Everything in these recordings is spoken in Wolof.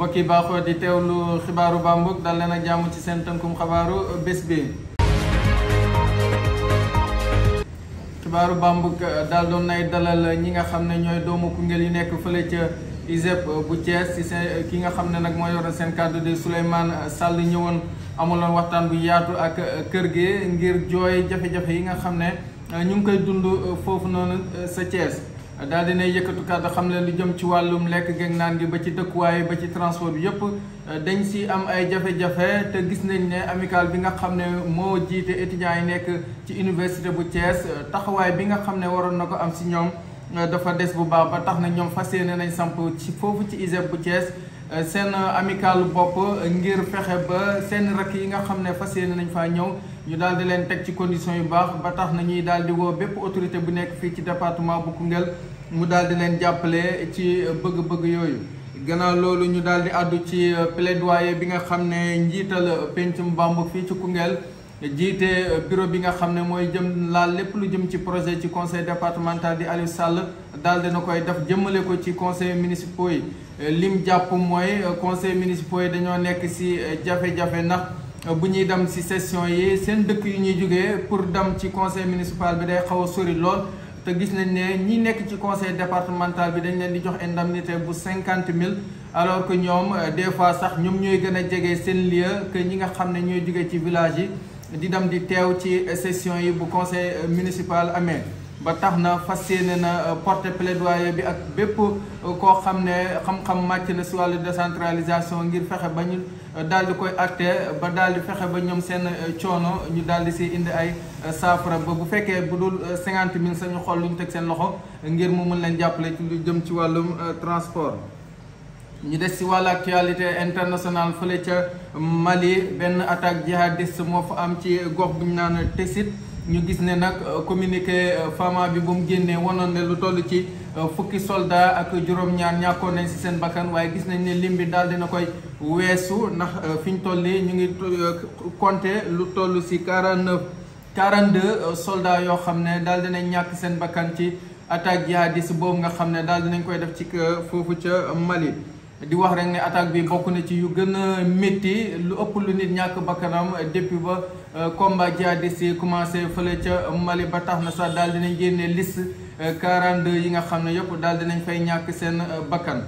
mbokk yi baaxoo di teewlu xibaaru bambuk dal leen ci seen tënkum xabaaru bés bi. xibaaru bambuk daal doon nay dalal ñi nga xam ne ñooy doomu Koungheul yi nekk fële ca ISEP bu Thiès ci seen ki nga xam ne nag moo yoroon seen kàddu di Souleymane Sall ñëwoon amuloon waxtaan bu yaatu ak kër gi ngir jooy jafe-jafe yi nga xam ne ñu ngi koy dund foofu noonu sa Thiès. daal dinay yëkkatu kàddu xam ne lu jëm ci wàllum lekk geeg naan gi ba ci dëkkuwaay ba ci transport bi yëpp euh, dañ si am ay jafe-jafe te gis nañ ne amical bi nga xam ne moo jiite étudiants yi nekk ci université bu Thiès euh, taxawaay bi nga xam ne waroon na ko am si ñoom euh, dafa des bu baax ba tax na ñoom fas yéene nañ samp ci foofu ci ISEP bu Thiès Euh, seen euh, amical bopp euh, ngir fexe ba seen rakk yi nga xam ne fas yéene nañ fa ñëw ñu daal di leen teg ci condition yu baax ba tax na ñuy daal di woo bépp autorité bu nekk fii ci département bu Koungheul mu daal di leen jàppale ci bëgg-bëgg yooyu. gannaaw loolu ñu daal di àddu ci plaidoyer bi nga xam ne njiital pencum Bambouck fii ci Koungheul. jiite euh, bureau bi nga xam ne mooy jëm laal lépp lu jëm ci projet ci conseil départemental di Aliou Sall daal dina koy def jëmmale ko ci conseil municipaux yi euh, lim jàpp mooy euh, conseil municipaux yi dañoo nekk si jafe-jafe bu ñuy dem si session yi seen dëkk yu ñuy jógee pour dem ci conseil municipal bi day xaw a sori lool te gis nañ ne ñi nekk ci conseil départemental bi dañ leen di jox indemnité bu cinquante mille alors ñoom des fois sax ñoom ñooy gën a jege seen lieu que ñi nga xam ne ñooy jógee ci village yi di dem di teew ci session yi bu conseil euh, municipal amee ba tax na fas yéene na euh, porter plaidoyer bi ak bépp euh, koo xam ne xam-xam màcc na si wàllu décentralisation ngir fexe ba ñu daal di koy acté ba daal di fexe ba ñoom seen coono ñu daal di si indi ay saafara ba bu fekkee bu dul cinquante mille sañu xool lu ñu teg seen loxo ngir mu mën leen jàppale lu jëm ci wàllum transport. ñu des si wàll actualité international fële ca Mali benn attaque jihadiste moo fa am ci gox bu ñu naan Tessit ñu gis ne nag communiqué euh, fama bi bu mu génnee wanoon ne lu toll ci euh, fukki soldat ak juróom-ñaar ñàkkoon nañ si seen bakkan waaye gis nañ ne lim bi daal dina koy weesu ndax euh, fi ñu toll ñu ngi compter lu toll si quarante neuf quarante yoo xam ne daal dinañ ñàkk seen bakkan ci attaque jihadiste boobu nga xam ne daal dinañ koy def ci foofu ca Mali. di wax rek ne attaque bi bokk na ci yu gën a métti lu ëpp lu nit ñàkk bakkanam depuis ba euh, combat jihadiste si commencé fële ca Mali ba tax na sax daal dinañ génne liste 42 euh, yi nga xam ne yëpp daal dinañ fay ñàkk seen euh, bakkan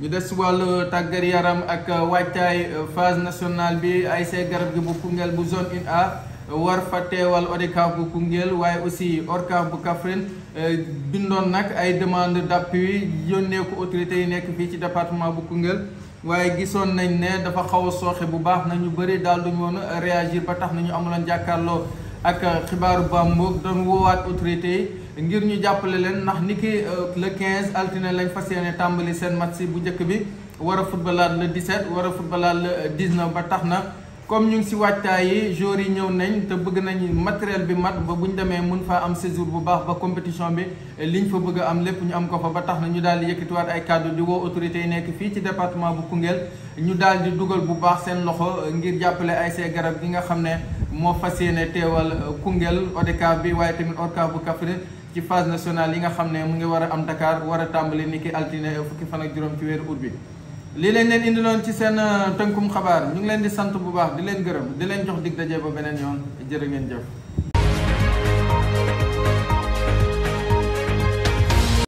ñu des wàll tàggat yaram ak waajtaay phase nationale bi ay see garab gi bu Koungheul bu zone 1A war fa teewal ODCAV bu Koungheul waaye aussi ORCAV bu Kaffrine eh, bindoon nag ay demande d'appui yónnee ko autorités yi nekk fii ci département bu Koungheul waaye gisoon nañ ne dafa xaw a sooxe bu baax na ñu bëri daal duñu woon réagir ba tax na ñu amuloon jàkkaarloo ak xibaaru Bambouk doon woowaat autorités yi ngir ñu jàppale leen ndax ni ki eh, le 15 altine lañ fas yéene tàmbali seen match bu njëkk bi war a footballaat le 17 war a footballaat ba tax na. comme ñu ngi si waajtaay yi joueurs yi ñëw nañ te bëgg nañu matériel bi mat ba bu ñu demee mën faa am séjour bu baax ba compétition bi li liñ fa bëgg am lépp ñu am ko fa ba tax na ñu daal di yëkkatiwaat ay kàddu di woo autorités yi nekk fii ci département bu Koungheul ñu daal di dugal bu baax seen loxo ngir jàppale ay see garab gi nga xam ne moo fas yéene teewal euh, Koungheul ODCAV bi waaye tamit ORCAV bu ci phase nationale yi nga xam ne mu ngi war a am Dakar war a tàmbali ni altine fukki fan ak juróom ci weeru ut bi lii leen lañ leen indiloon ci seen euh, tënkum xabaar ñu ngi leen di sant bu baax di leen gërëm di leen jox dig daje ba beneen yoon jërë ngeen jëf.